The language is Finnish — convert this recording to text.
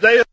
They